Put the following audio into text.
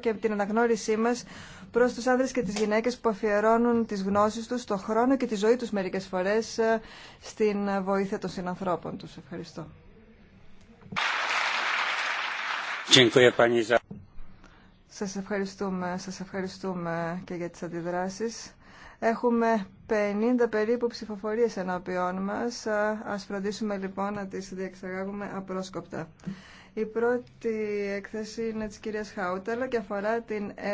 και την αναγνώρισή μας προς τους άνδρες και τις γυναίκες που αφιερώνουν τις γνώσεις τους, το χρόνο και τη ζωή τους μερικές φορές ε, στην βοήθεια των συνανθρώπων τους. Ευχαριστώ. Σας ευχαριστούμε, και για τις αντιδράσεις. Έχουμε 50 περίπου ψηφοφορίες ενώπιόν μας. Ας φροντίσουμε λοιπόν να τις διεξαγάγουμε απρόσκοπτα. Η πρώτη έκθεση είναι της κυρίας Χάουταλα και αφορά την ε,